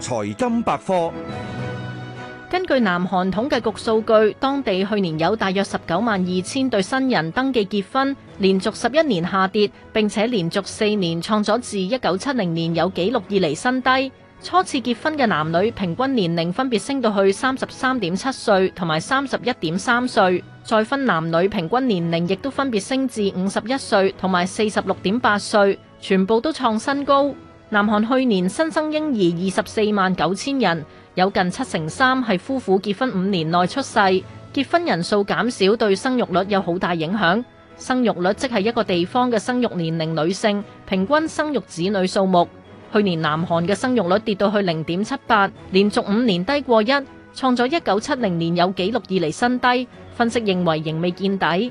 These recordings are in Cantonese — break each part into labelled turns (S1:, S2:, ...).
S1: 財金百科。根據南韓統計局數據，當地去年有大約十九萬二千對新人登記結婚，連續十一年下跌，並且連續四年創咗自一九七零年有紀錄以嚟新低。初次結婚嘅男女平均年齡分別升到去三十三點七歲同埋三十一點三歲，再婚男女平均年齡亦都分別升至五十一歲同埋四十六點八歲，全部都創新高。南韓去年新生嬰兒二十四萬九千人，有近七成三係夫婦結婚五年內出世。結婚人數減少對生育率有好大影響。生育率即係一個地方嘅生育年齡女性，平均生育子女數目。去年南韓嘅生育率跌到去零點七八，連續五年低過一，創咗一九七零年有紀錄以嚟新低。分析認為，仍未見底。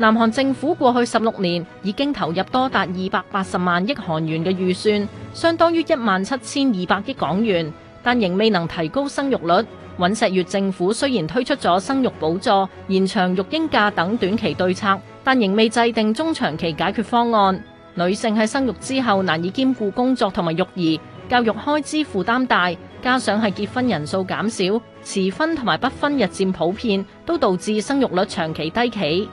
S1: 南韓政府過去十六年已經投入多達二百八十萬億韓元嘅預算，相當於一萬七千二百億港元，但仍未能提高生育率。尹錫悅政府雖然推出咗生育補助、延長育嬰假等短期對策，但仍未制定中長期解決方案。女性喺生育之後難以兼顧工作同埋育兒，教育開支負擔大，加上係結婚人數減少、遲婚同埋不婚日漸普遍，都導致生育率長期低企。